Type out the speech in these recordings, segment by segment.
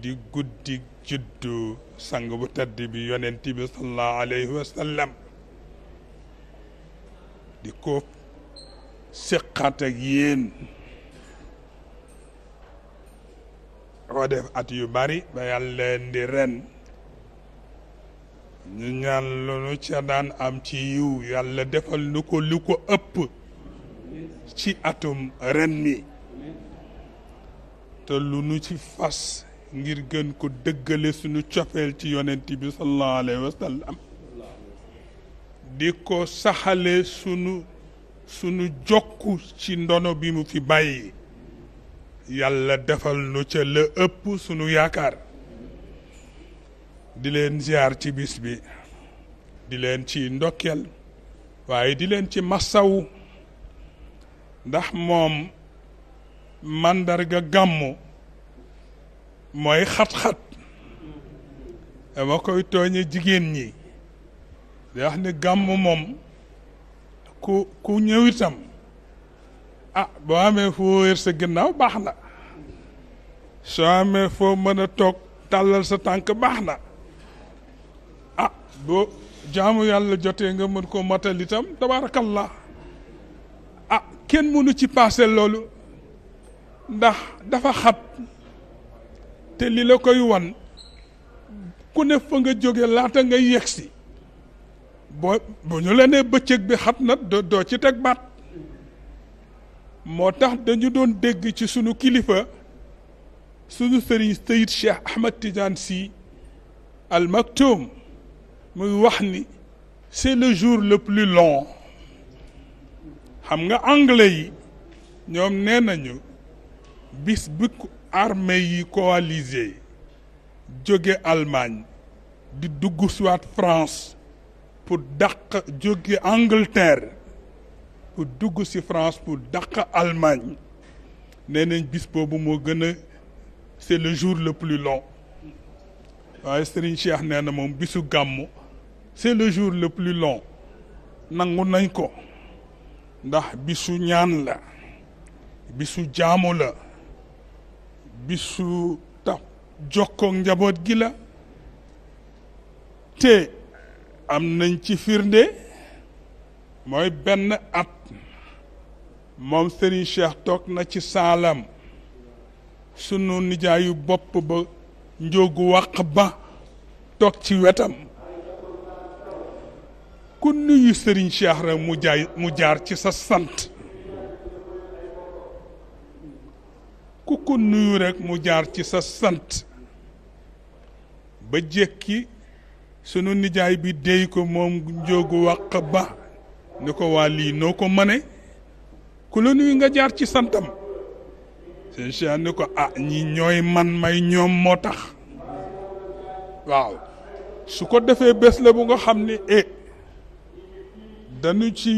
di guddi juddu sang bu tedd bi yonent bi sallallahu alayhi di ko siqat ak yéen def at yu bari ba yàlla di ren ñu ñaan nu ca daan am ci yiw yàlla defal nu ko lu ko ëpp ci atum ren mi te lu nu ci fas ngir gën ko dëggale sunu cofeel ci yonent bi sallallahu alayhi di ko saxale sunu sunu jokku ci ndono bi mu fi bàyyi yàlla defal nu ca la ëpp sunu yaakaar di leen ziar ci bis bi di leen ci ndokkeel waaye di leen ci massawu ndax moom màndarga gàmmu mooy xat-xat dama koy tooñe jigéen ñi di wax ni gàmm moom ku ku ñëw itam ah boo amee foo wéer sa ginnaaw baax na soo amee foo mën a toog tàllal sa tànk baax na a ah, boo jaamu yàlla jotee nga mën koo matal itam tabarakallah a ah, kenn mënu ci paase loolu ndax dafa xat te li la koy wan ku ne fa nga jóge laata nga yegsi boo bu ñu la nee bëccëg bi xat na doo ci teg baat moo tax dañu doon dégg ci suñu kilifa suñu sëriñ Seyid Cheikh Ahmad Tidiane Sy Al Maktoum muy wax ni c'est le jour le plus long xam nga anglais yi ñoom nee nañu bis bi armée yi coalisé jóge Allemagne di dugg soit France pour dàq jóge Angleterre pour dugg ci France pour dàq Allemagne nee nañ bis boobu moo gën a c'est le jour le plus long waaye Serigne Cheikh nee na moom bisu gàmmu c'est le jour le plus long nangu nañ ko ndax bisu ñaan la bisu jaamu la bisu tax jokkoo njaboot gi la te am nañ ci firnde mooy benn at moom Serigne Cheikh toog na ci saalam sunu nijaayu bopp ba njóogu wàq ba toog ci wetam ku nuyu Serigne Cheikh rek mu jaay mu jaar ci sa sant ku nuyu rekk mu jaar ci sa sant ba jékki sunu nijaay bi déy ko moom njóogu wàq ba ni ko waa lii noo ko mëne ku la nuyu nga jaar ci santam seen cheikh ni ko ah ñi ñooy man may ñoom moo tax waaw su ko defee bés la bu nga xam ni e dañu ci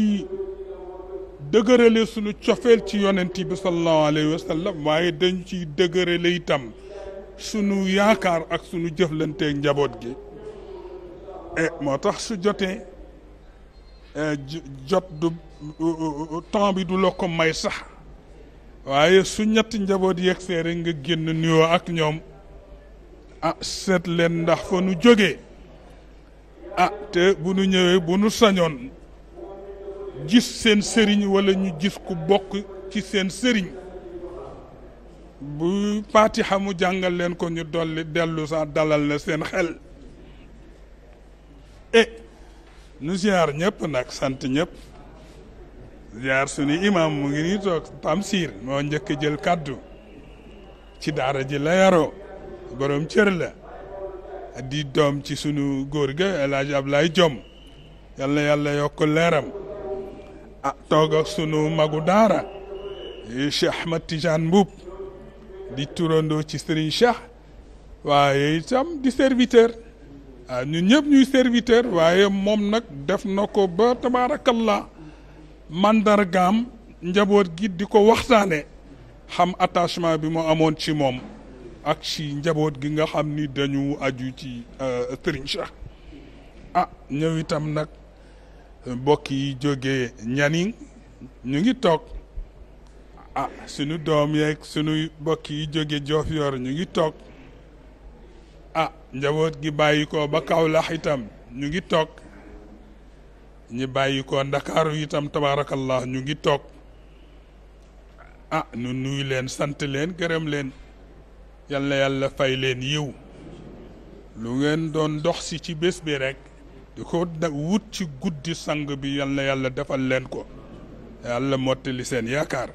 dëgërale sunu cofeel ci yonent bi sallallahu alayhi wa sallam waaye dañ ciy dëgërale itam sunu yaakaar ak sunu jëflanteeg njaboot gi eh, moo tax su jotee eh, jot du temps bi du la ko may sax waaye su ñetti njaboot yeeg see rek nga génn nuyoo ak ñoom ah seet leen ndax fa nu jógee ah te bu nu ñëwee bu nu sañoon gis seen sëriñ wala ñu gis ku bokk ci seen sëriñ bu Fatiha mu jàngal leen ko ñu dolli dellu sax dalal na seen xel e nu ziar ñëpp nag sant ñëpp ziar sunu imam mu ngi nii toog Tamsir moo njëkk jël kàddu ci daara ji la yaroo boroom cër la di doom ci sunu góor ga El Hadj Ablaye Diom yàlla yàlla yokk leeram ah tooga sunu magu daara Cheikh Ahmad Tidiane Mboup di turandoo ci Serigne Cheikh waaye itam di serviteur ah ñun ñëpp ñuy serviteur waaye moom nag def na ko ba tabaarakallah mandargaam njaboot gi di ko waxtaane xam attachement bi mu amoon ci moom ak ci njaboot gi nga xam ni dañu aju ci euh, Serigne Cheikh ah ñëw itam nag. mbokk yi jóge ñaning ñu ngi toog ah sunu doom yeeg sunu mbokk yi jóge Diofior ñu ngi toog a ah, njaboot gi bàyyikoo ko ba Kaolack itam ñu ngi toog ñi bàyyi ko Ndakaaru itam tabaarakallah ñu ngi toog ah nu nuyu leen sant leen gërëm leen yal yàlla fay leen yiw lu ngeen doon dox si ci bés bi rekk ko wut ci guddi sang bi yal yàlla defal leen ko yàlla mottali seen yaakaar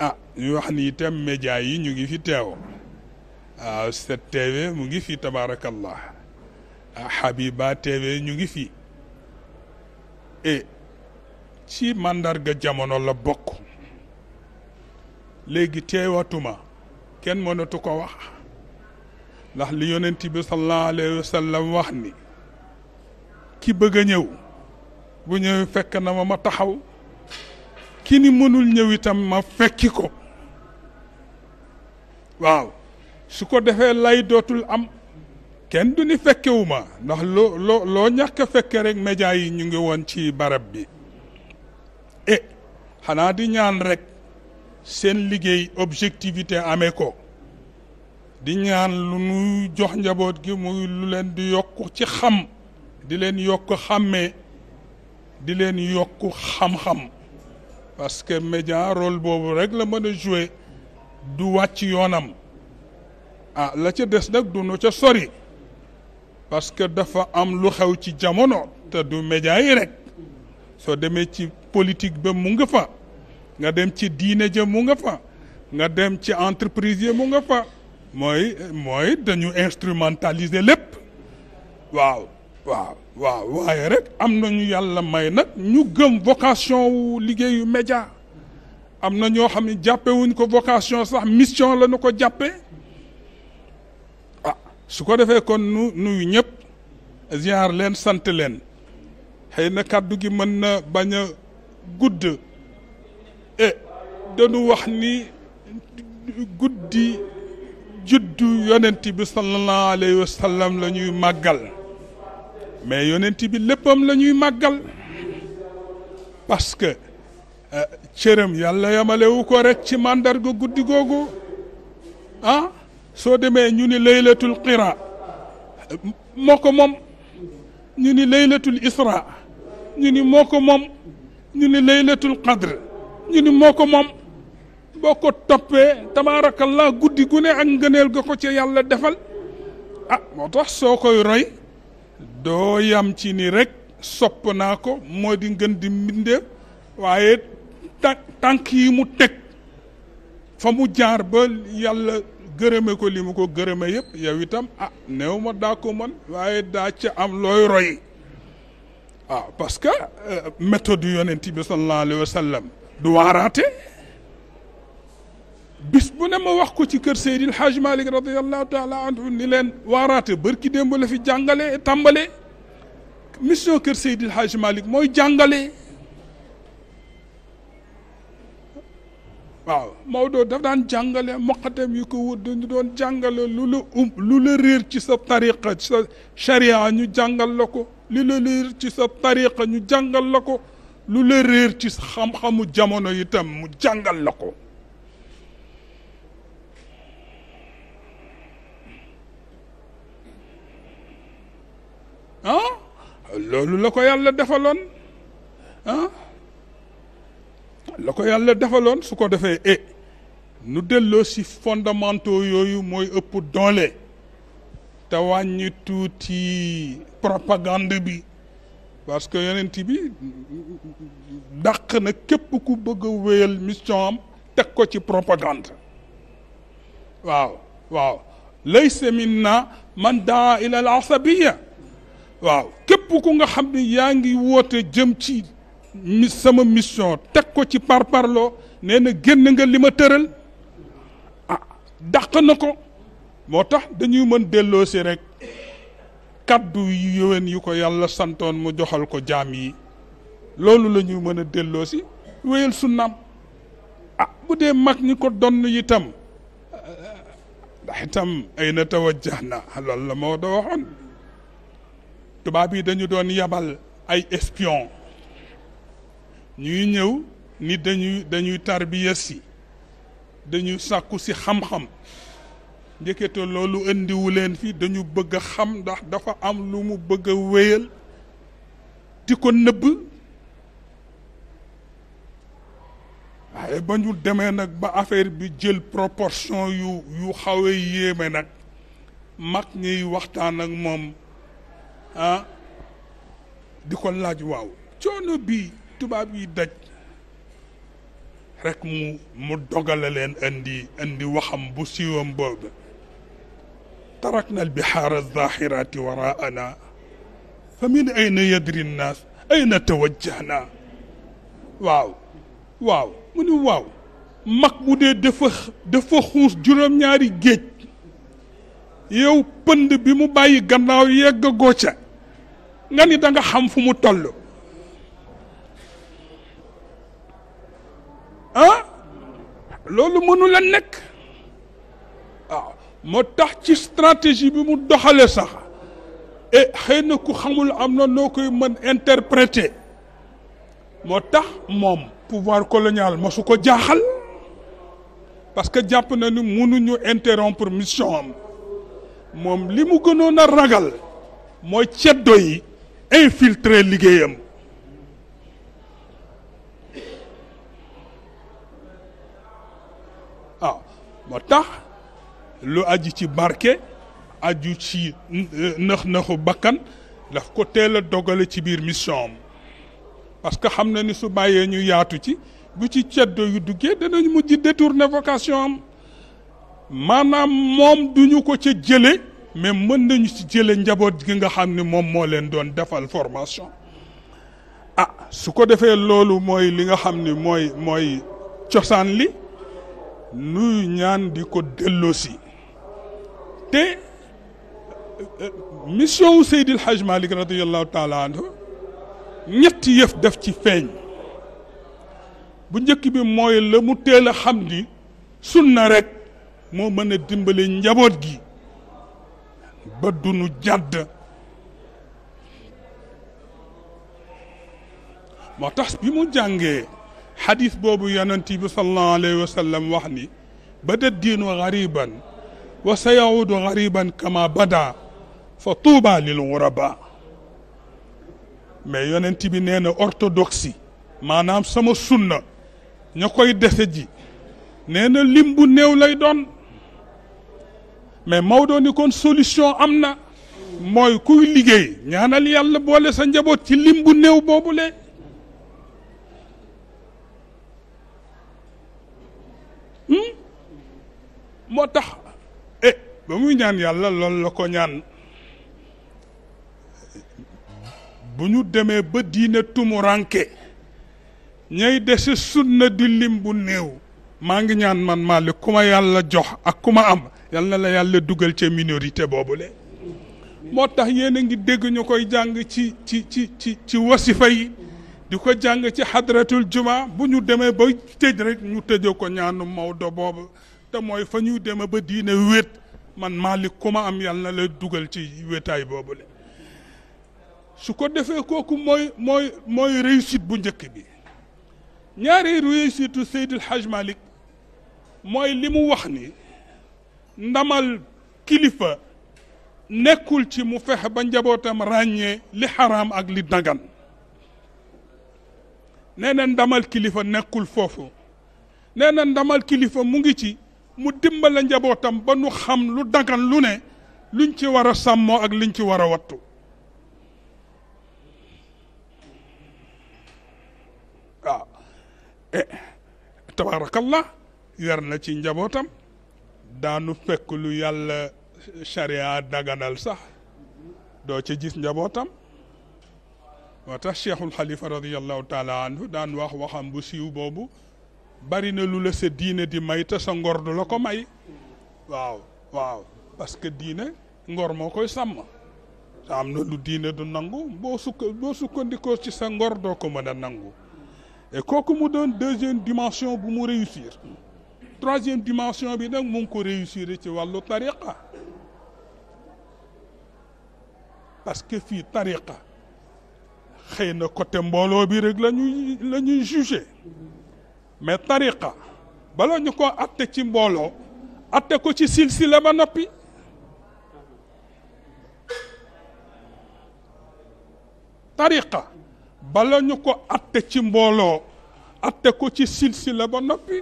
ah ñu wax ni itam média yi ñu ngi fi teew waaw ah, 7TV mu ngi fi tabaarakallah ah Habiba TV ñu ngi fi e, ci màndarga jamono la bokk léegi teewatuma kenn mënatu ko wax ndax li yonent bi sallallahu alayhi wa wax ni ki bëgg a ñëw bu ñëwee fekk na ma ma taxaw ki ni mënul ñëw itam ma fekki ko waaw su ko defee lay dootul am kenn du ni fekkewu ndax loo loo loo ñàkk fekke rek média yi ñu ngi woon ci barab bi e xanaa di ñaan rek seen liggéey objectivité amee ko di ñaan lu nu jox njaboot gi muy lu leen di yokk ci xam di leen yokk xàmmee di leen yokk xam-xam parce que média rôle boobu rek la mën a jouer du wàcc yoonam a ah, la ca des nag du nu ca sori parce que dafa am lu xew ci jamono te du média yi rek soo demee ci politique ba mu nga fa nga dem ci diine ja mu nga fa nga dem ci entreprise yi mu nga fa mooy mooy dañu instrumentaliser lépp waaw waaw waaw waaye rek am nañu yàlla may nag ñu gëm vocation wu liggéeyu média am na ñoo xam ne jàppewuñ ko vocation sax mission la ko jàppe ah su ko defee kon nu nuyu ñëpp ziar leen sant leen xëy na kàddu gi mën na bañ a gudd e, dañu wax ni guddi juddu yonent bi sallallahu alayhi wa sallam la ñuy màggal mais yonent bi léppam la ñuy màggal parce que euh, cëram yàlla yamalewu ko rek ci màndarga guddi googu ah soo demee ñu ni laylatul qira moo ko moom ñu ni laylatul isra ñu ni moo ko moom ñu ni laylatul qadr ñu ni moo ko moom boo ko toppee la guddi gu ne ak ngëneel ga ko ci yàlla defal ah moo tax soo koy roy doo yam ci ni rek sopp naa ko moo di ngën di mbindeef waaye tànk yi mu teg fa mu jaar ba yàlla gërëme ko li mu ko gërëme yëpp yow itam a ah, néew ma daa ko mën waaye daa ca am looy roy waaw ah, parce que euh, méthode yonent bi sallallahu alayhi wa du waaraate bis bu ne ma wax ko ci kër Seydil Hadj Malick radiallahu taala anhu ni leen waaraate bërki démb la fi jàngale tàmbale mission kër Seydil Hadj Malick mooy jàngale waaw Maodo daf daan jàngale moqatam yi ko doon jàngale lu la um lu la réer ci sa tariqa sa charia ñu jàngal la ko lu la réer ci sa tariqa ñu jàngal la ko lu la réer ci xam-xamu jamono itam mu jàngal la ko ah loolu la ko yàlla defaloon la ko yàlla defaloon su ko defee eh, nu delloo si fondamentaux yooyu mooy ëpp doole te wàññi tuuti propagande bi parce que yeneen bi dàq na képp ku bëgg a mission am teg ko ci propagande waaw waaw laysa minna man daa ila asabiya waaw képp ku nga xam ne yaa ngi woote jëm ci sama mission teg ko ci parparloo nee na génn nga li ma tëral ah dàq na ko moo tax dañuy mën delloo si rek kàddu yi yëwén yu ko yàlla santoon mu joxal ko jaam yi loolu la ñuy mën a delloo si wéyal sunnaam ah bu dee mag ñi ko donn itam ndax itam ay na tawajjah na loolu la moo da tubaab yi dañu doon yabal ay espion ñuy ñëw ni dañuy dañuy tarbiya si dañuy sàkku si xam-xam njëkkete loolu indiwu leen fii dañu bëgg a xam ndax dafa am lu mu bëgg a wéyal di ko nëbb waaye ba ñu demee nag ba affaire bi jël proportion yu yu xawe yéeme nag mag ñiy waxtaan ak moom ah di ko laaj waaw coono bi tubaab yi daj rek mu mu leen indi indi waxam bu siiwam boobu tarakna albihaara zahirati waraana fa min ayna yadri nnaas ayna tawajjahna waaw waaw mu ni waaw mag bu dee dafa dafa xuus juróom-ñaari géej yow pënd bi mu bàyyi gannaaw yegg a nga ni danga xam fu mu toll ah loolu mënu la nekk waaw ah, moo tax ci stratégie bi mu doxale sax et eh, xëy na ku xamul am na noo koy mën interpréter moo tax moom pouvoir colonial su ko jaaxal parce que jàpp na ni mënuñu interrompre mission am moom li mu gënoon a ragal mooy ceddo yi infiltrer liggéeyam waaw ah, moo tax lu aju ci barke aju ci nëx nëxu bakkan daf ko teel a dogale ci biir mission am parce que xam na ni su bàyyee ñu yaatu ci bu ci ceddo yu duggee danañ mujj détourner vocation am maanaam moom ñu ko ca jële mais mën nañu si jële njaboot gi nga xam ni moom moo leen doon defal formation ah su ko defee loolu mooy li nga xam ni mooy mooy cosaan li nuy ñaan di ko delloosi te eh, mission wu Seydil Hadj Malick radiallahu taala ñetti yëf def ci feeñ bu njëkk bi mooy la mu teel a xam ni na rek moo mën a dimbale njaboot gi ba dunu jàdd moo tax bi mu jàngee xadis boobu yonent bi sallallahu alayhi wax ni bada diinu gariban wa sa yaudu kama bada fa tuuba lil guraba mais yonent bi nee na maanaam sama sunna ña koy dese ji nee na lim lay doon mais Maodo ni kon solution am na mooy kuy liggéey ñaanal yàlla boole sa njaboot ci lim bu néew boobule. Hmm? moo tax eh ba muy ñaan yàlla loolu la ko ñaan bu ñu demee ba diine tumuranke ñay dese sunna di lim bu néew maa ngi ñaan man Malick ku ma yàlla jox ak ku ma am yal na la yàlla dugal ca minorité boobule moo tax yéen a ngi dégg ñu koy jàng ci ci ci ci ci wasifa yi di ko jàng ci xadratul juma bu ñu demee ba tëj rek ñu tëjee ko ñaanu Maodo boobu te mooy fa ñuy demee ba diine wéet man Malick ku ma am yàlla na la dugal ci wéetaay boobule su ko defee kooku mooy mooy mooy réussite bu njëkk bi ñaari réussite Seydil Hadj Malick mooy li mu wax ni ndamal kilifa nekkul ci mu fexe ba njabootam ràññee li xaraam ak li dagan nee na ndamal kilifa nekkul foofu nee na ndamal kilifa mu ngi ci mu dimbale njabootam ba nu xam lu dagan lu ne luñ ci war a sàmmoo ak liñ ci war a wattu waaw eh tabaarakallah yar na ci njabootam daanu fekk lu yàlla charia daganal sax doo ci gis njabootam moo tax cheikhul xalifa taala anhu daan wax waxam bu siiw boobu bari na lu la sa diine di may te sa ngor du ko may waaw waaw parce que diine ngor moo koy sàmm te na lu diine du nangu boo sukk boo ci sa ngor doo ko mën a nangu et kooku mu doon deuxième dimension bu mu réussir troisième dimension bi nag mu ngi ko réussir ci wàllu tariqa parce que fii tariqa xëy na côté mbooloo bi rek la ñuy la ñuy jugé mais tariqa bala ñu ko atte ci mbooloo atte ko ci silsila ba noppi tariqa bala ñu ko atte ci mbooloo atte ko ci silsila ba noppi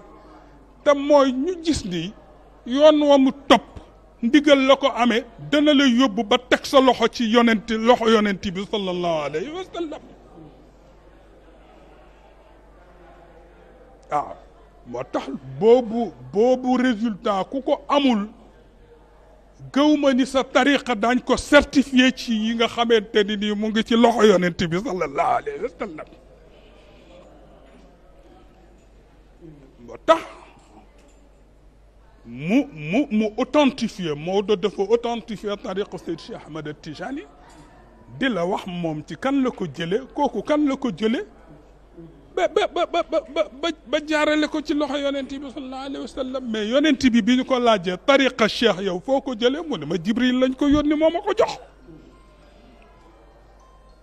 te mooy ñu gis ni yoon wa mu topp ndigal la ko amee dana la yóbbu ba teg sa loxo ci yonent loxo yonent bi sallallahu alayhi wa ah, moo tax boobu boobu résultat ku ko amul gëwma ni sa tariqa daañ ko certifié ci yi nga xamante ni nii mu ngi ci loxo yonent bi sallallahu alayhi wa moo tax mu mu mu authentifié Maodo dafa authentifié tariqa Seyd Cheikh Ahmed Tijani di la wax moom ci kan la ko jëlee kooku kan la ko jëlee ba ba ba ba ba ba jaarale ko ci loxo yonenti bi sallallahu alayhi wa sallam mais yonent bi bi ñu ko laajee tariqa Cheikh yow foo ko jëlee mu ne ma Jibril lañ ko yónni moo ma ko jox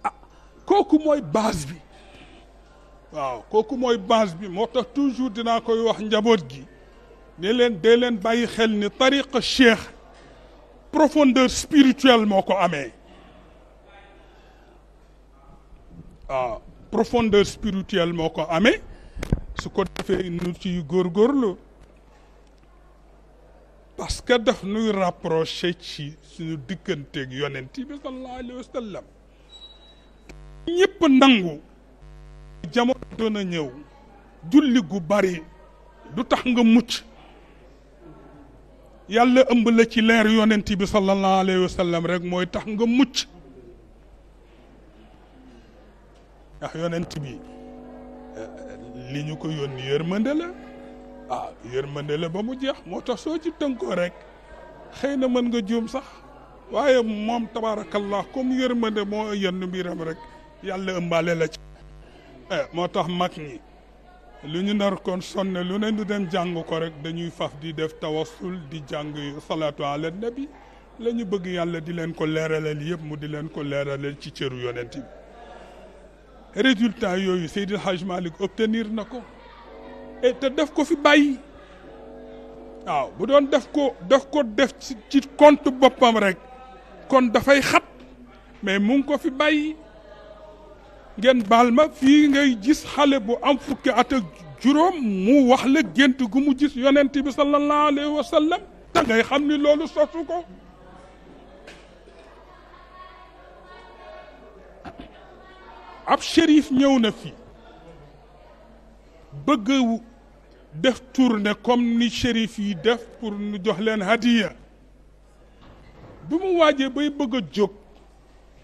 ah kooku mooy base bi waaw kooku mooy base bi moo tax toujours dinaa koy wax njaboot gi. ne leen dee leen bàyyi xel ni tariqa cheikh profondeur spirituelle moo ko amee waaw ah, profondeur spirituelle moo ko amee su ko defee nu ciy góorgóorlu parce que daf nuy rapproché ci suñu digganteeg yonent bi sallallahu alayhi wa sallam ñëpp nangu jamono doon a ñëw julli gu bari du tax nga mucc yàlla ëmb la ci leer yonent bi sallallahu alayhi wa sallam rek mooy tax nga mucc ndax yonent bi eh, li ñu ko yon yërmande la ah yërmande la ba mu jeex moo tax soo ci tënkoo rek xëy na mën nga juum sax waaye moom tabaarakallah comme yërmande moo yenn mbiram rek yàlla ëmbaale la ci eh, moo tax mak ñi lu ñu nar kon sonne lu ne ñu dem jàng ko rek dañuy faf di def tawassul di jàng salaatu ala nabi la ñu bëgg yàlla di leen ko leeralal yëpp mu di leen ko leeralal ci cëru yonent bi résultat yooyu Seydil Hadj Malick obtenir na ko et te def ko fi bàyyi waaw bu doon def ko def ko def ci compte boppam rek kon dafay xat mais mu ko fi bàyyi ngeen baal ma fii ngay gis xale bu am fukki at ak juróom mu wax la gént gu mu gis yonent bi sallallahu alayhi wa sallam te ngay xam ni loolu sosu ko ab shérif ñëw na fi bëgg def tournée comme ni shérif yi def pour ñu jox leen hadiya bi mu waajee bay bëgg a jóg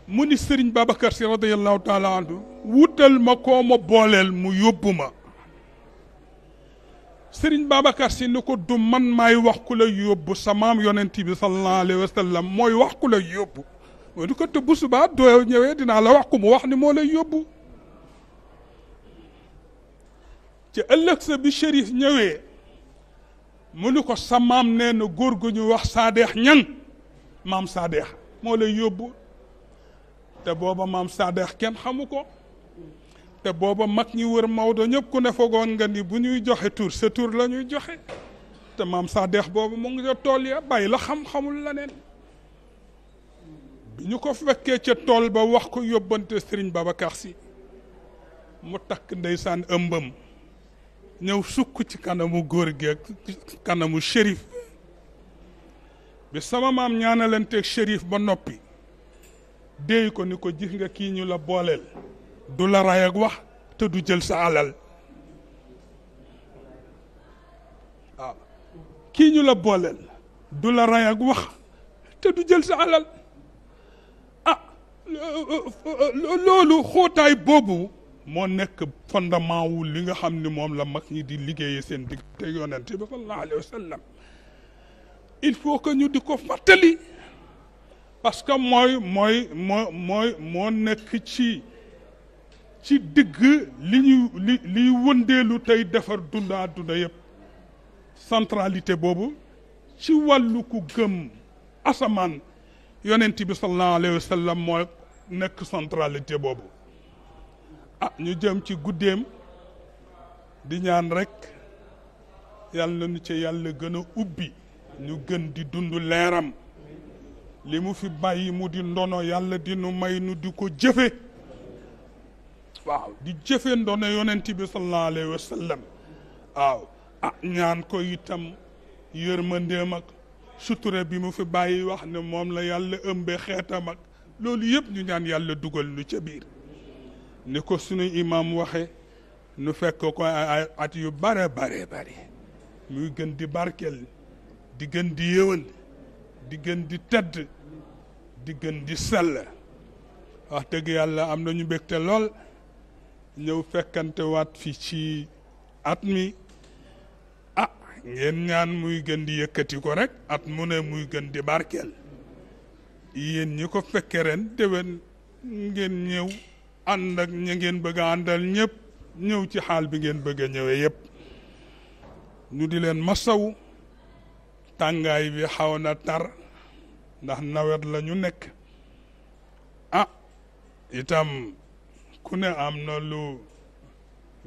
mu ni sëriñ Babacar si radiyallahu taala anhu wutal ma koo ma booleel mu yóbbu ma sëriñ Babacar si ni ko du maay wax ku la yóbbu sa maam bi sallallahu alayhi wa sallam mooy wax ku la yóbbu moo ni ko te bu subaa doo ñëwee dinaa la wax ku mu wax ni moo lay yóbbu ci ëllëg sa bi shérif ñëwee mu ni ko sa maam nee na góor gu ñu wax saadeex ñan maam saadeex moo lay yóbbu te booba maam Sadex kenn xamu ko te booba mag ñi wër Maodo ñëpp ku ne fogoon nga ni bu ñuy joxe tur sa tur la ñuy joxe te maam Sadex boobu mu ngi ca tool ya bàyyi la xam-xamul leneen bi ñu ko fekkee ca tool ba wax ko yóbbante Serigne Babacar Sy mu takk ndeysaan ëmbam ñëw sukk ci kanamu góor gi ak kanamu shérif bi sama maam ñaanalanteeg shérif ba noppi. déey ko ni ko gis nga kii ñu la booleel du la ray ak wax te du jël sa alal kii ñu la booleel du la ray wax te du jël sa alal ah loolu xootaay boobu moo nekk fondement wu li nga xam ni moom la mag ñi di liggéeyee seen digg te yonent bi sallallahu alayhi wa il faut que ñu di ko fàttali parce que mooy mooy mooy moo nekk ci ci digg li ñuy li liy tey defar dund àdduna yëpp centralité boobu ci wàllu ku gëm asamaan yonent bi sallallahu alayhi wa sallam nekk centralité boobu ah ñu jëm ci guddeem di ñaan rek yàlla nu ci yàlla gën a ubbi ñu gën di dund leeram li mu fi bàyyi mu di ndono yàlla di nu may nu di ko jëfe waaw di jëfe ndono yonent bi sallallahu alayhi wa sallam waaw ah ñaan ko itam yërmandeem ak sutura bi mu fi bàyyi wax ne moom la yàlla ëmbe xeetam ak loolu yëpp ñu ñaan yàlla dugal lu ca biir ni ko sunu imam waxe nu fekk ko ay at yu bare bare bare muy gën di barkel di gën di yëwan di gën di tedd di gën di sell wax dëgg yàlla am na ñu mbégte lool ñëw fekkante waat fi ci at mi ah ngeen ñaan muy gën di yëkkati ko rekk at mu ne muy gën di barkeel yéen ñi ko fekke ren déwén ngeen ñëw ànd ak ña ngeen bëgg a àndal ñëpp ñëw ci xaal bi ngeen bëgg ñëwe ñëwee yëpp ñu di leen masaw tàngaay bi xaw na tar ndax nawet la ñu nekk ah itam ku ne am na lu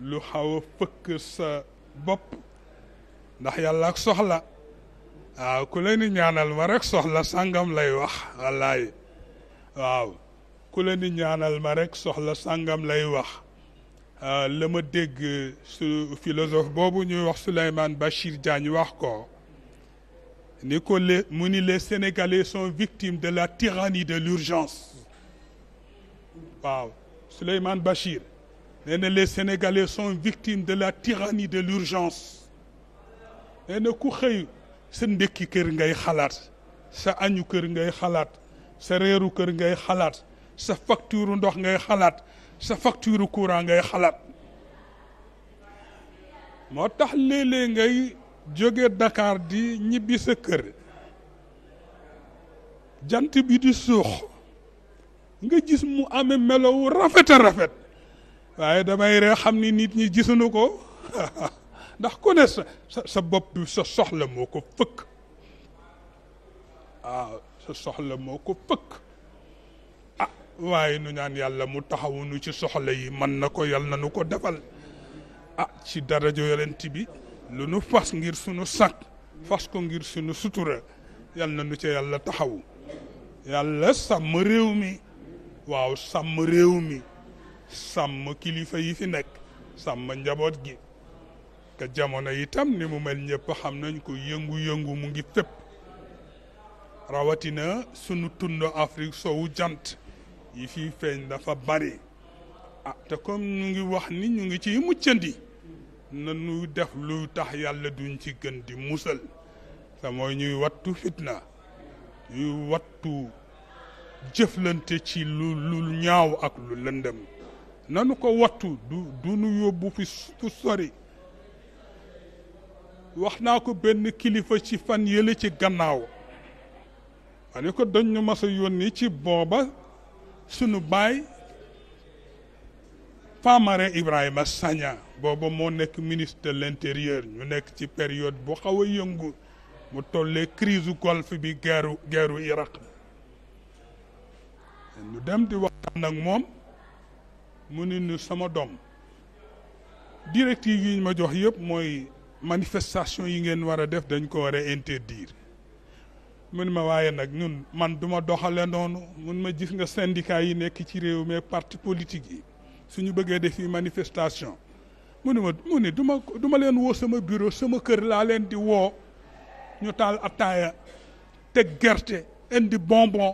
lu xaw a fëkk sa bopp ndax yàlla soxla waaw ah, ku leen di ñaanal ma rek soxla sàngam lay wax wallaay waaw ku leen di ñaanal ma rek soxla sàngam lay wax ah, la ma dégg su philosophe boobu ñuy wax Souleymane Bachir Diagne wax ko ni ko le mu ni les sénégalais sont victimes de la tyrannie de l'urgence waaw Souleymane Bachir nee na les sénégalais sont victimes de la tyrannie de l'urgence nee ku xëy sa ndékki kër ngay xalaat sa añu kër ngay xalaat sa reeru kër ngay xalaat sa facture ndox ngay xalaat sa facture courant ngay xalaat moo tax léeg ngay jóge dakaar di ñibbi sa kër jant bi di suux nga gis mu ame melow rafet a rafet waaye damay ree xam ni nit ñi gisuñu ko ndax ku ne sa sa bopp bi ah, sa soxla moo ko fëkk ah waaye nu ñaan yàlla mu taxawuñu ci soxla yi mën na ko yàlla na nu ko defal ah ci darajo yonent bi lu nu fas ngir sunu sakk fas ko ngir sunu sutura yal na nu ca yàlla taxawu yàlla sàmm réew mi waaw sàmm réew mi sàmm kilifa yi fi nekk sàmm njaboot gi te jamono itam ni mu mel ñëpp xam nañ ko yëngu-yëngu mu ngi fépp rawatina sunu tund Afrique sowu jant yi fi feeñ dafa bari a ah, te kom ñu ngi wax ni ñu ngi ci ciy muccandi nañu def lu tax yàlla duñ ci gën di musal te ñuy wattu fitna ñuy wattu jëflante ci lu lu ñaaw ak lu lëndëm nanu ko wattu du du yóbbu fu sori wax naa ko benn kilifa ci fan yële ci gannaaw ma ne ko dañ ma mas a yónni ci booba sunu baay Famara Ibrahima Sagna booba moo nekk ministre de l'intérieur ñu nekk ci période bu xaw a yëngu mu tollee crise golfe bi geeru geeru Irak ñu dem di waxtaan ak moom mu ni nu sama doom directive yi ñu ma jox yëpp mooy manifestation yi ngeen war a def dañ ko war a interdire mun ma waaye nag ñun man duma doxale noonu mun ma gis nga syndicat yi nekk ci réew mais parti politique yi su ñu bëggee def yi manifestation mu ne ma mu ne du ma leen woo sama bureau sama kër laa leen di woo ñu taal attaaya teg gerte indi bonbon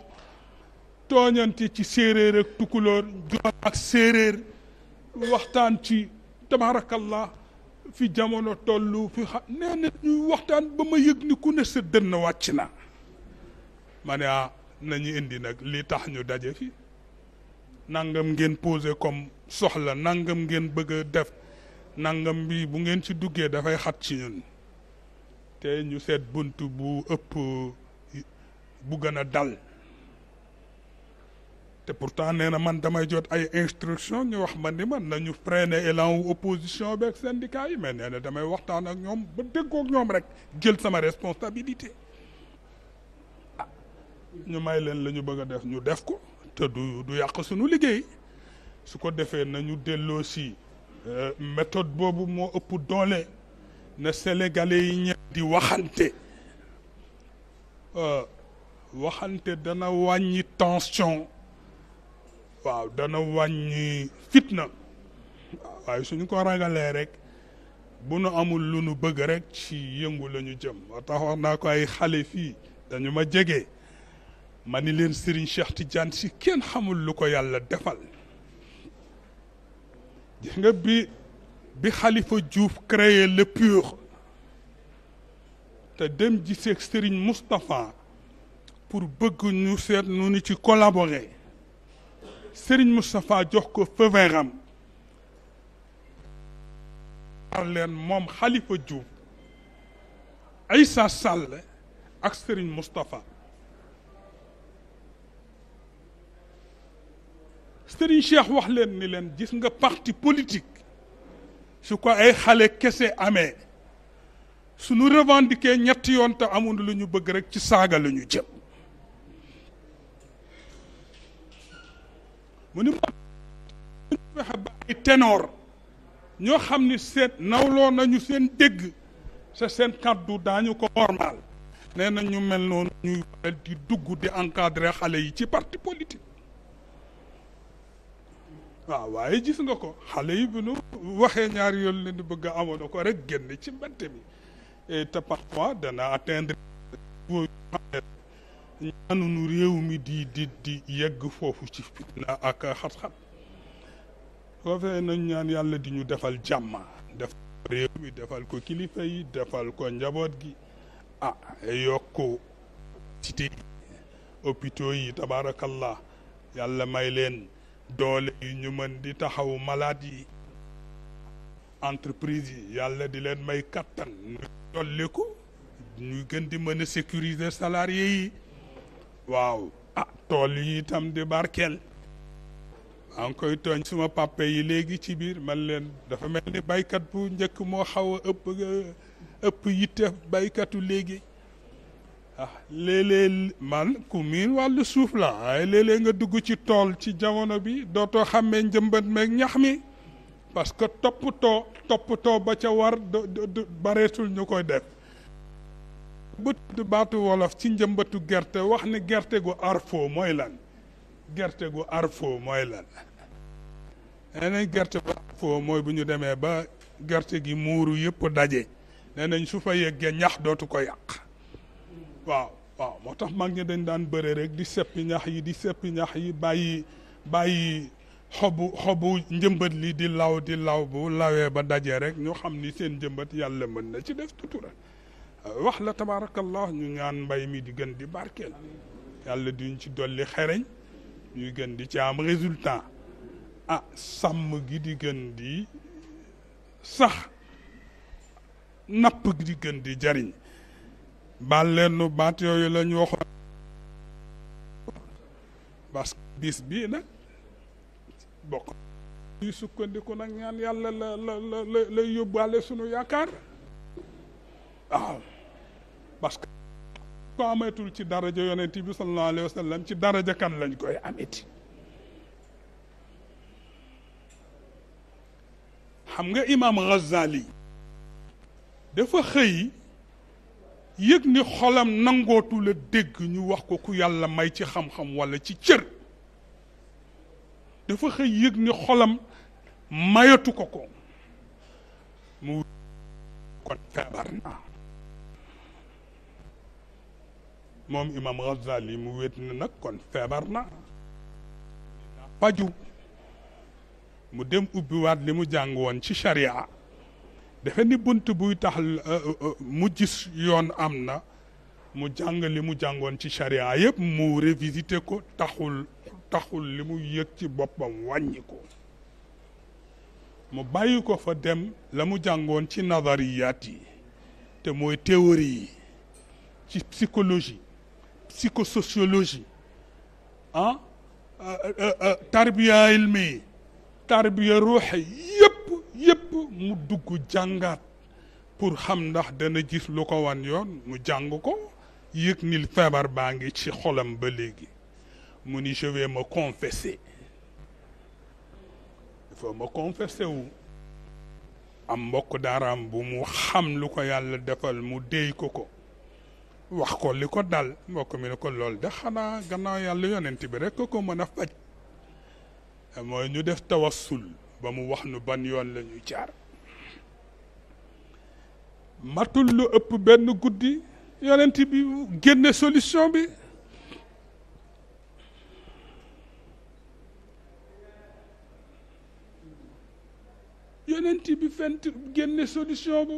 tooñante ci séeréer ak tukulóor joor ak séeréer waxtaan ci tabarakallah fi jamono toll fi xa nee ñuy waxtaan ba ma yëg ni ku ne dënn wàcc na ma ne ah nañu indi nag li tax ñu daje fi nangam ngeen pose comme soxla nangam ngeen bëgg a def nangam bi bu ngeen ci duggee dafay xat ci ñun te ñu seet bunt bu ëpp bu gën a dal te pourtant nee na man damay jot ay instruction ñu wax ma ni man nañu prene élan wu opposition beeg syndicat yi mais nee na damay waxtaan ak ñoom ba déggoog ñoom rek jël sama responsabilité ah ñu may leen la ñu bëgg a def ñu def ko te du du yàq suñu liggéey su ko defee nañu delloo si Euh, méthode boobu moo ëpp doole na sénégalais yi ñëpp di waxante euh, waxante dana wàññi tension waaw dana wàññi fitna waaye suñu ko ragalee rek bu nu amul lu nu bëgg rek ci yëngu la jëm moo tax wax naa ko ay xale fii dañu ma jege ma ni leen Serigne Cheikh Tidiane si kenn xamul lu ko yàlla defal gis nga bi bi Khalifa Diouf créé le pur te dem ji gisee Serigne Moustapha pour bëgg ñu seet nu ñu ci collaborer Serigne Moustapha jox ko feu vert am ar leen moom Khalifa Diouf Aïssa Sall ak Serigne Moustapha Serigne Cheikh wax leen ni leen gis nga parti politique su ko ay xale kese amee suñu revendiquer ñetti yoon te amul lu ñu bëgg rek ci saaga lañu ñu jëm mu ni fexe bàyyi ténor ñoo xam ni seen nawloo nañu seen dégg sa seen kàddu daañu ko normal nee na ñu mel noonu ñuy waral di dugg di encadrer xale yi ci parti politique waaw waaye gis nga ko xale yi bu nu waxee ñaari yoon leen bëgg a amoon ko rek génn ci mbedd mi te parfois dana atteindre ñaanunu réew mi di di di yegg foofu ci fitna ak xat-xat soo fee nañ ñaan yàlla di ñu defal jàmm defal réew mi defal ko kilifa yi defal ko njaboot gi ah yokku cité hôpitaux yi tabaarakallah yàlla may leen doole yi ñu mën di taxaw malade yi entreprise yi yàlla di leen may kattan ñu dolliku ñu gën di mën a sécuriser salarié yi waaw ah tool yi itam di barkel maa ngi koy tooñ suma pàppe yi léegi ci biir man leen dafa mel ni baykat bu njëkk moo xaw a ëpp ëpp yitte baykatu léegi léelée ah, léeg-léeg man ku miin wàllu suuf la waaye léeg nga dugg ci tool ci jamono bi dootoo xàmmee njëmbat meeg ñax mi parce que toppatoo toppatoo ba ca war du bareetul ñu koy def bu du baatu wolof ci njëmbatu gerte wax ni gerte gu arfo mooy lan gerte gu arfo mooy lan nee nañ gerte bu arfo mooy bu ñu demee ba gerte gi muuru yëpp daje nee nañ su fa yeggee ñax dootu ko yàq waaw waaw moo tax mag ñi dañ daan bëre rek di seppi ñax yi di seppi ñax yi bàyyi bàyyi xobu xobu njëmbat li di law di law bu lawee ba dajee rek ñoo xam ni seen njëmbat yàlla mën na ci def tutura wax la tabaarakallah ñu ñaan mbay mi di gën di barkeel yàlla duñ ci dolli xereñ ñuy gën di ci am résultat ah sàmm gi di gën di sax napp gi di gën di jariñ baal leen baat yooyu la ñu waxoon parce bii nag bokk yu sukkandiku nag ñaan yàlla la la la la yóbbaale sunu yaakaar waaw que ko amatul ci daraja yonent bi sallallahu alayhi wa ci daraja kan lañ koy ameti xam nga imaam Ghazali dafa xëy yëg ni xolam nangootu la dégg ñu wax ko ku yàlla may ci xam-xam walla ci cër dafa xëy yëg ni xolam mayatu ko ko mu kon feebar na moom imam Ghazali mu wét na nag kon feebar na paju mu dem ubbiwaat li mu jàng woon ci sharia defe ni bunt buy tax euh, euh, euh, mu gis yoon am na mu jàng li mu jàngoon ci charia yëpp mu révisité ko taxul taxul li mu yëg ci boppam wàññi ko mu bàyyi ko fa dem la mu jàngoon ci nazariyaat te mooy théorie yi ci psychologie psychosociologie ah tarbiya ilmi tarbiya ruuxi mu dugg jàngaat pour xam ndax dana gis lu ko wan yoon mu jàng ko yëg ni feebar baa ngi ci xolam ba léegi mu ni je ma me confesser il faut confesser wu am mbokk daaram bu mu xam lu ko yàlla defal mu déy ko ko wax ko li ko dal mbokk mi ne ko lool de xanaa gannaaw yàlla yonent bi rekk ko mën a faj mooy ñu def tawassul ba mu wax nu ban yoon lañu ñu jaar matul lu ëpp benn guddi yonent bi génne solution bi yonent bi fent génne solution bu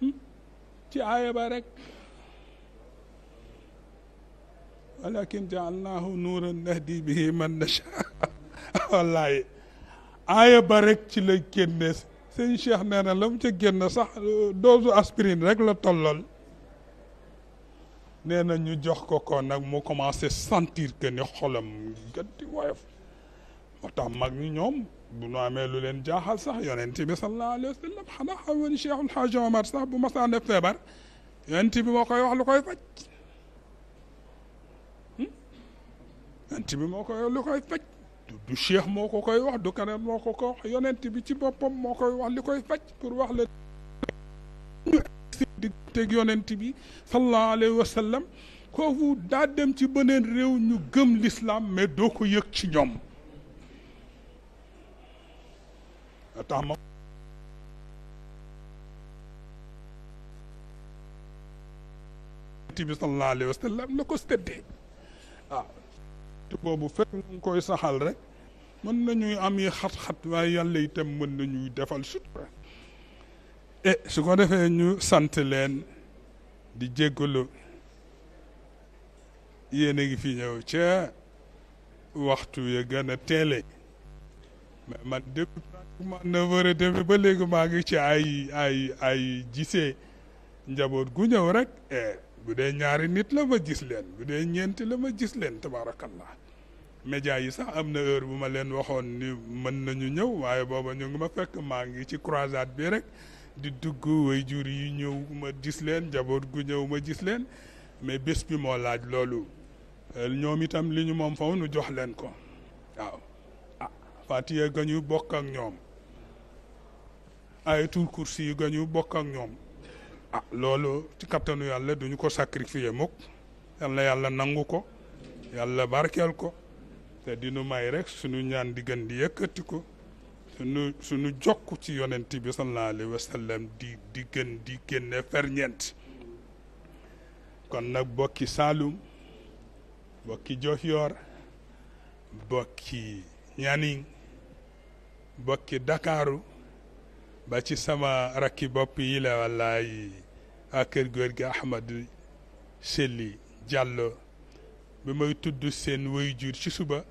hmm? ci aaya ba rek walakin jaalnaahu nuuran nahdi bihi man nasha wallahi aaya ba rek ci la génne sëñ Cheikh nee na la mu ci génn sax euh, doosu aspirine rek la tollal nee na ñu jox ko ko nag mu commencé sentir que ni xolam gën di woyof moo tax mag ñi ñoom bu ñu amee lu leen jaaxal sax yonent bi sallallahu alayhi wa sallam xanaa xamoon Cheikh Omar sax bu masaane feebar yonent bi moo koy wax lu koy faj hmm? yonent bi moo koy lu koy faj du cheikh moo ko koy wax du keneen moo ko ko yonent bi ci boppam moo koy wax li koy faj pour wax la ñu digganteeg yonent bi sallallahu alayhi wa sallam kooku daa dem ci beneen réew ñu gëm l'islam mais doo ko yëg ci ñoom tax ma yonent bi sallallahu alayhi wa sallam la ko séddee waaw ah. te boobu fekk ñu koy saxal rek mën nañuy am yi xat-xat waaye yàlla itam mën nañuy defal sutura e su ko defee ñu sant leen di jéggalu yéen a ngi fi ñëw ca waxtu ya gën a teele mais man depuis pratiquement neuf heures et demi ba léegi maa ngi ci ay ay ay gisee njaboot gu ñëw rek eh. bu dee ñaari nit la ma gis leen bu dee ñeenti la ma gis leen tabaarakallah média yi sax am na heure bu ma leen waxoon ni mën nañu ñëw waaye booba ñu ngi ma fekk maa ngi ci croisade bi rek di dugg way jur yi ñëw ma gis leen njaboot gu ñëw ma gis leen mais bés bi moo laaj loolu euh, ñoom itam li ñu moom faw nu jox leen ko waaw ah Fatiha ga ñu bokk ak ñoom ay tur kursi yi ga ñu bokk ak ñoom ah loolu ci kattanu yàlla duñu ko sacrifier mukk yal na yàlla nangu ko yàlla barkeel ko te dinu may rek suñu ñaan di gën di yëkkati ko suñu suñu jokk ci yonent bi sallallahu alayhi wa di gën di génne ferñeent kon nag bokki Saalum bokki Diofior bokki Nianing bokki dakaaru ba ci sama rakki bopp yi la wallaay a kër góor gi Ahmadou Selli Diallo bi may tudd seen way jur ci suba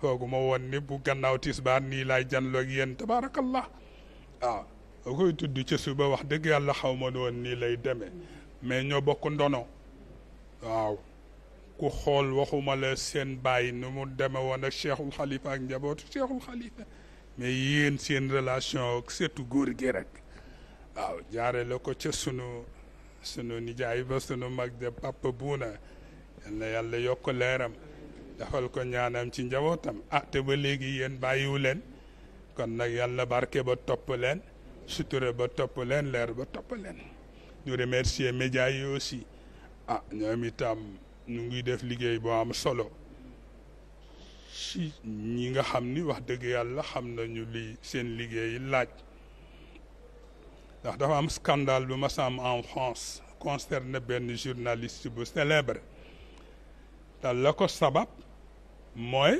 foogu woon ni bu gannaaw tisbaar nii laay janloog yéen tabaarakallah waaw ah, a koy tudd ca suba wax dëgg yàlla xaw ma woon nii lay deme mais ñoo bokk ndono waaw ku xool waxuma la seen bàyyi nu mu deme woon ak cheikhul xalifa ak njabootu cheikhul xalifa mais yéen seen relation ak surtout góor gi rek waaw jaare la ko ca sunu sunu nijaay ba sunu mag de papa buuna yal na yàlla yokk leeram defal ko ñaanam ci njabootam ah te ba léegi yéen bàyyiwu leen kon nag yàlla barke ba topp leen sutura ba topp leen leer ba topp leen ñu remercier médias yi aussi ah ñoom itam ñu ngi def liggéey bu am solo si ñi nga xam ni wax dëgg yàlla xam nañu li seen liggéey laaj ndax dafa am scandale bu ma am en France concerne benn journaliste bu célèbre dal la ko sabab mooy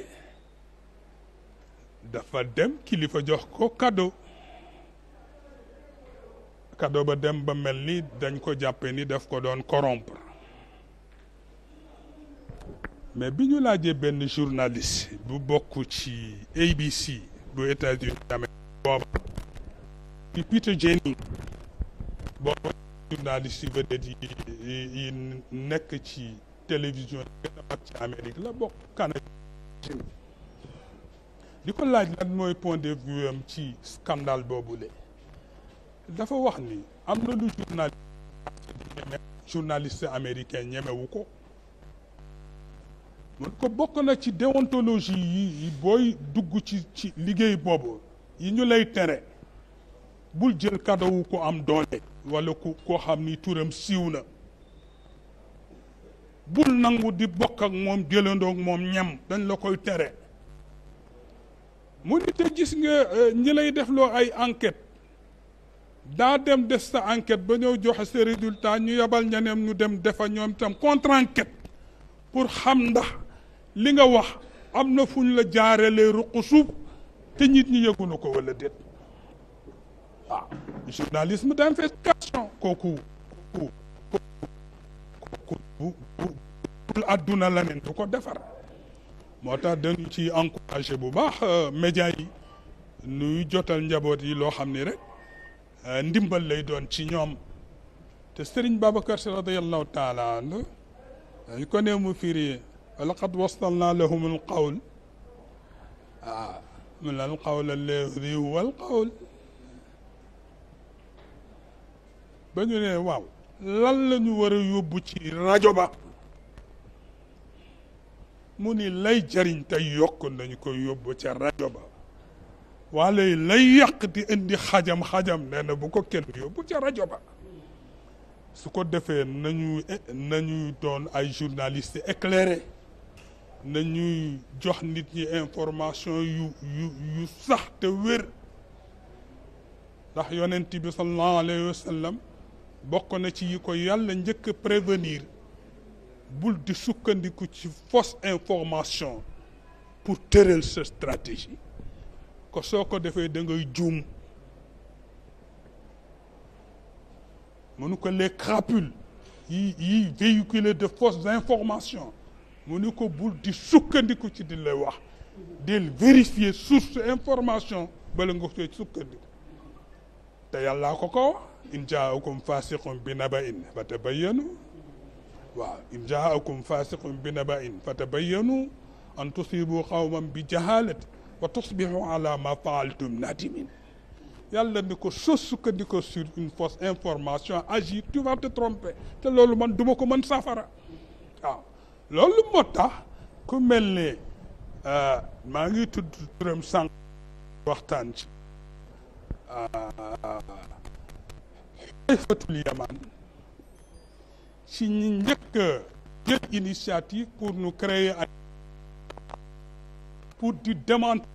dafa dem kilifa jox ko cadeau cadeau ba dem ba mel ni dañ ko jàppe ni daf ko doon corrompre mais bi ñu laajee benn journaliste bu bokk ci ABC bu États-Unis d'Amérique booba ci Peter Jennings booba journaliste yi vedette nekk ci télévision ci Amérique la bokk Canada di ko laaj lan mooy point de vue am ci scandale boobule dafa wax ni am na lu journaliste journaliste américain ñemewu ko ko bokk na ci déontologie yi booy dugg ci ci liggéey boobu yi ñu lay tere bul jël cadeau ko am doole walla ku koo xam ni turam siiw na bul nangu di bokk ak moom jëlandoog moom ñam dañ la koy tere mu ni te gis nga euh, ñi lay defloo ay enquête daa dem des sa enquête ba ñëw joxe sa résultat ñu yebal ñeneen ñu dem defa ñoom itam contre enquête pour xam ndax li nga wax am na fu ñu la jaaralee ruq suuf te nit ñi yëgunu ko wala déet waaw ah, journalisme d'investigation kooku kooku kooku bu bu adduna la neen du ko defar moo tax dañu ci encouragé bu baax euh, média yi nuy jotal njaboot yi loo xam ni rek euh, ndimbal lay doon ci ñoom te Serigne baba Sy radiyallahu taala anhu dañ ko ne mu firi walaqad wasalna lahum alqawl ah min alqawl alladi huwa alqawl ba ñu ne waaw lan la ñu war yóbbu ci rajo ba mu ni lay jariñ tey yokk nañu ko yóbbu ca rajo ba waale lay yàq di indi xajam-xajam nee na bu ko kenn yóbbu ca rajo ba su ko defee nañu nañu doon ay journalistes éclairés ñuy jox nit ñi information yu yu yu sax te wér ndax yonent bi sallallahu alayhi wa bokk na ci yi ko yàlla njëkk a prévenir bul di sukkandiku ci fausse information pour tëral sa stratégie ko soo ko defee dangay ngay juum mënu ko les crapules yi yi véhiculer de fausses informations mu ni ko bul di sukkandiku ci di lay wax del vérifier source information bala nga koy sukkandiku ko ko in jaakum fasiqun bi naba'in fa tabayyanu waaw in jaakum fasiqun bi naba'in fa tabayyanu an tusibu qawman bi jahalati wa tusbihu ala ma faaltum nadimin yàlla ni ko soo sukkandikoo sur une fausse information agir tu vas te tromper te loolu man duma ko man safara waaw loolu moo tax ku mel ni euh, maa ngi tudd turam sànq waxtaan ci euh, xayfatul yaman ci ñi njëkk jël initiative pour nu créer a pour di démanteler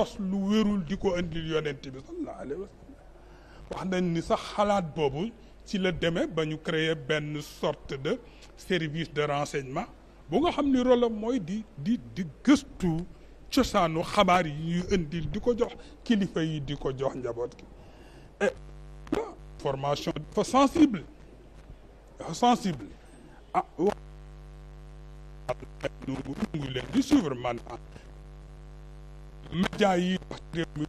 os lu wérul di ko indil yonent bi sallallahu alayhi wax nañ ni sax xalaat boobu ci la demee ba ñu créer benn sorte de service de renseignement bu nga xam ni rôle mooy di di di gëstu cosaanu xabaar yi ñuy indi di ko jox kilifa yi di ko jox njaboot gi et formation dafa sensible dafa sensible ah yi wax réew mi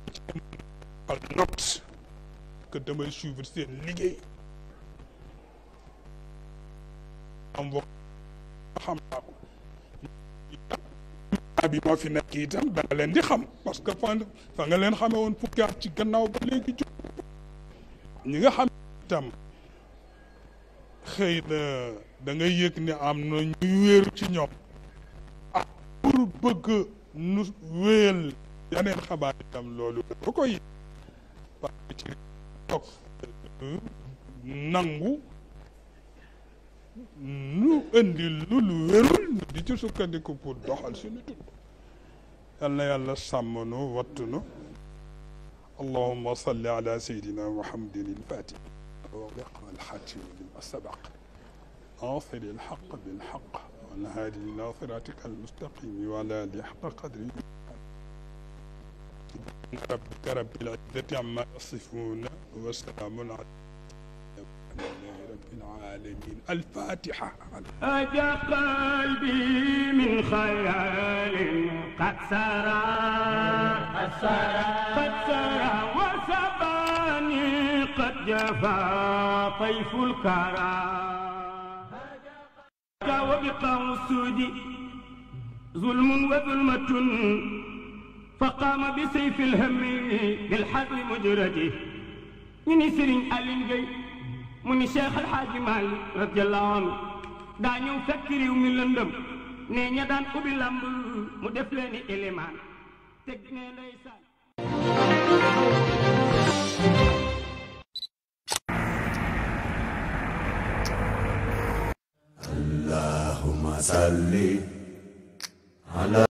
not que damay suivre seen liggéey xam naa ko bi ma fi nekk itam da leen di xam parce que fan fa leen xamee woon fukki at ci gannaaw ba léegi jóg ñi nga xam itam xëy na da yëg ne am na ñuy wéeru ci ñoom ah pour bëgg nu wéyal yeneen xabaar itam loolu da koy nangu lu indi lu lu wérul ñu di ci sukkandiku pour doxal suñu dund yal na yàlla sàmm nu wattu nu allahuma salli ala sayidina muhammadin ilfatih وبق الحاتم لما سبق ناصر الحق بالحق والهادي ناصرتك المستقيم وعلى آله حق قدره ربك رب العزة عما يصفون وسلام على العالمين الفاتحة أجا قلبي من خيال قد سرى قد سرى قد سرى وسباني قد جفا طيف الكرى وبقى السود ظلم وظلمة فقام بسيف الهم بالحر مجرده من سرين ألين جي mu ni Cheikh El Hadj Malick radiyallahu anhu daa ñëw fekk réew mi lëndëm ne ña daan mu def leen i élément teg ne ndeysaan allahumma salli ala